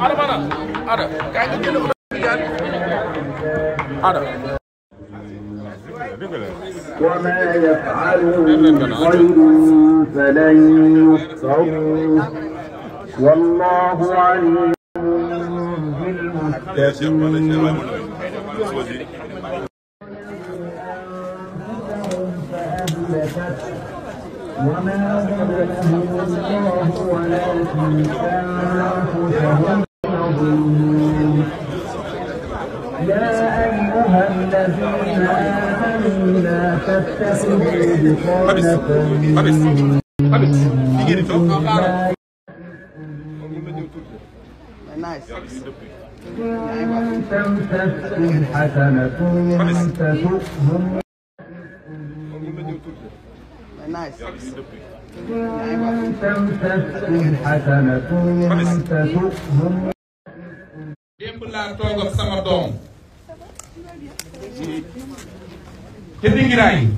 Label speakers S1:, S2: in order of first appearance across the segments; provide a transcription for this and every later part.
S1: ada mana ada kaay nga génn ada وما يفعلوا خير فلن يحصروه والله عليم بالمتقين وما ظلمهم الله ولكن أنفسهم يا أيها الذين آمنوا لا تتخذوا بطانة إن تمسكم حسنة تسؤهم إن تمسكم حسنة تسؤهم a toog sama doom te dingiraay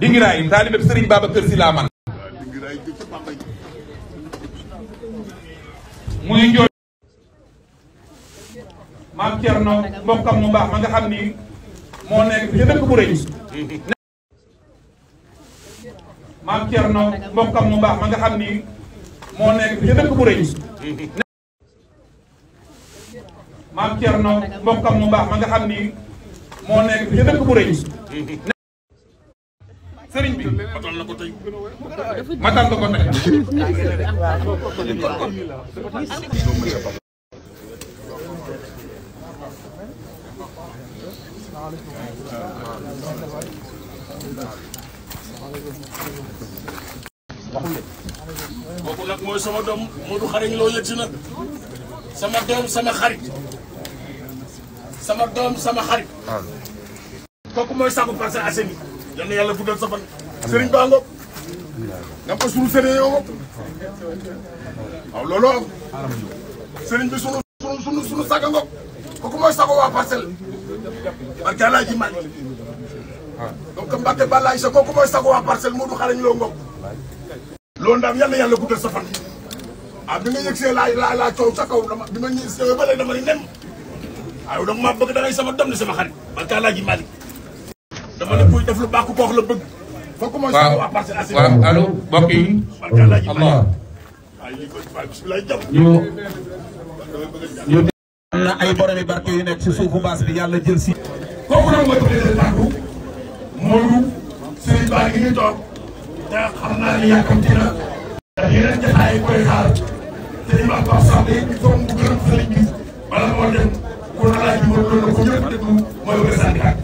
S1: dingiraay taalibe bi Serigne Babacar laa man muy njool maam Thierno mbokkam mu baax ma nga xam ni moo nekk ca dëkk bu rëy maam Thierno mbokkam mu baax ma nga ni moo nekk ca dëkk bu rëy maam Thierno mbokkam mu baax ma nga xam ni moo nekk ci dëkk bu rëy. sëriñ bi matal na ko tey matal na ko tey. kooku nag mooy sama doom Modou xariñ loo yëg si nag sama doom sama xarit. sama doom sama xarit. Ah. kooku mooy sàmm Parcelles Assainies. yal na yàlla guddal sa fan. Serigne Ba Ngop. nga ko sunu sëriñ yow Ngop. bi sunu sunu sunu sunu saga Ngop. kooku mooy sago waa Parcelles. barke Alaaji Maaj. donc Mbacke Balaye sa kooku mooy sago waa Parcelles Modou xarañ loo Ngop. loolu daal yal na yàlla guddal sa fan. ah bi nga yëg see laa laa laa coow sa kaw dama bi ma ñëw ba léegi dama ne nem. waaw donc maa bëgg dangay sama doom ni sama xarit barka Alaaji Malik dama ne kuy def la bëgg. fokk mooy nekk ci suufu baas bi si. kooku nag toog te xam naa ni yàkkamti na. ndax yeneen jotaay koy xaar te li ma ko sànni il faut mu gërëm Serigne bi bala moo dem. kon alaaj bi loolu la ko ñëpp déglu mooy wër sànni ak.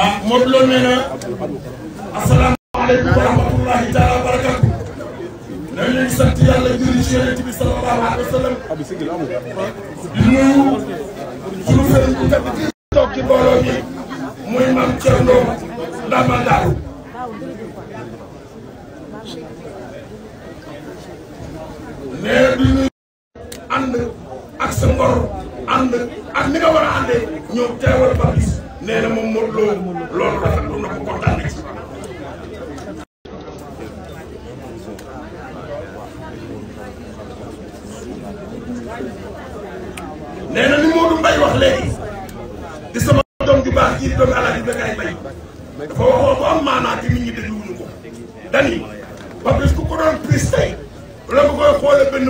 S1: ah Modou Lo nee na asalaamaaleykum wa rahmatulahi taala wa barakatu. nañ leen sant yàlla jëriñ si yonent bi sallallahu alayhi wa sallam. di nuyu sunu sëriñ bu tedd ci toog ci mbooloo mi muy maam Thierno Ndamandaaru. nee du ñuy ànd ak sa ngor ànd ak ni nga war a àndee ñëw teewal ba gis nee na moom moo loolu loolu rafetlu na ko kontaan na ci. nee na li Modou Mbaye wax léegi di sama.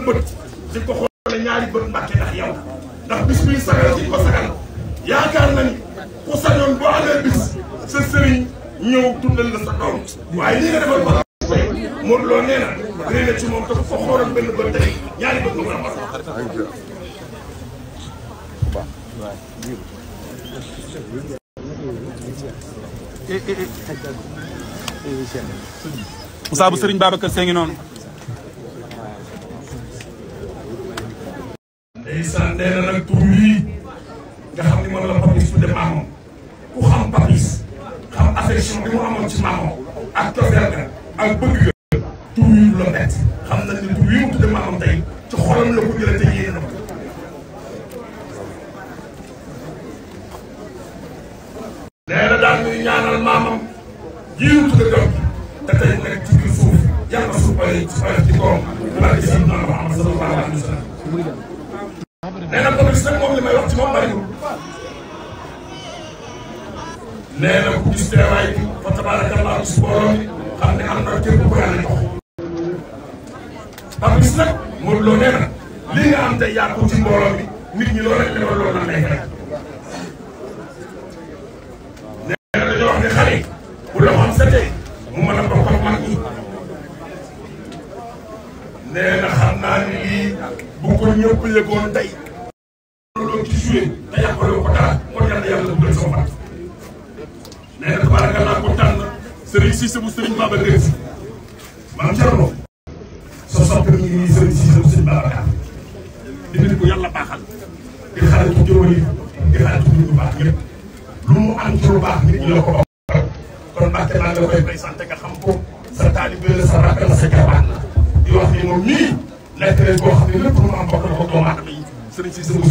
S1: benn bët di ko xoole ñaari bët mbàkke ndax yow ndax bis buy sagal di sagal yaakaar na ni ku sañoon boo amee bis sa sëriñ ñëw dundal la sa doom waaye li nga defal ba fay Modou Lo nee na rëy ci moom dafa ko xoolal benn bët tey ñaari bët nga mën a xool Moussa bu sëriñ Babacar Seye ngi noonu ndeysaan nee na nag tur wii nga xam ni moom la papis tudde maamam ku xam papis xam affection bi mu amoon ci maamam ak cofeel ga ak bëgg ga tur wii la bett xam na ni tur wii mu tudde maamam tey ci xolam la ko jëlee te yéene na ko nee na ko gis moom li may wax ci moom bariwul nee ku gis teewaay bi fa tabarakallah gis borom bi xam ne am na cër bu ko yàlla jox am na dañoo wax ne xale la xam setee mu mën a bokk ak mag ñi xam naa ni lii bu ko tey ñëw ci suy te yàqale wu ko dara kon yàlla yàlla ko tànn Serigne Cissé bu Serigne Baba Dérès maanaam Thierno. soo soppeeku ñu nii Serigne Cissé bu Serigne Baba Dérès. dinañ baaxal. di xaaral ci jëmm baax ñëpp. lu mu am baax nit ñi la ko am. kon Mbacke maa ngi la koy bay nga xam ko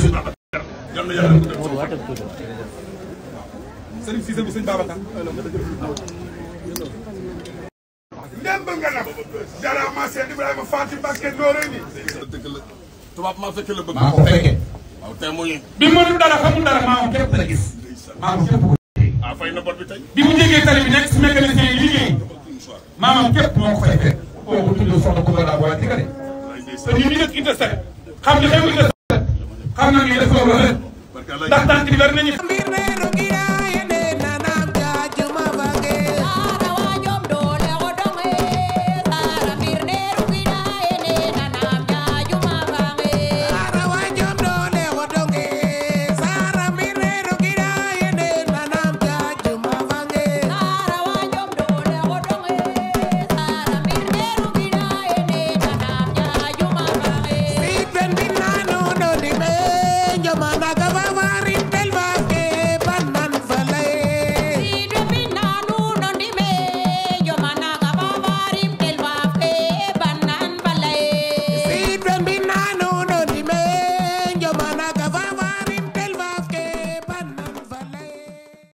S1: sa na yàlla ko def. Serigne Cissé bu sëñ Babacar. ndem ba nga nag. Jara ma Cheikh Ibrahima Fatim Mbacké Ndoré ni. tubaab maa fekke la bëgg. maa ko fekke. waaw tey mooy. bi mënul dara xamul dara maa ko képp la gis. maa ko képp ko gis. ah fay na bor bi tey.
S2: bi mu jegee tali bi nekk si mécanicien yi liggéey. maamam képp moo ko fay fekk.
S1: kooku tudd soxna Koumba Dabo waaye ci ka de. te ñun ñu nekk Interset. xam li xew Interset. xam naa ne dafa war a ndax tànk bi bari nañu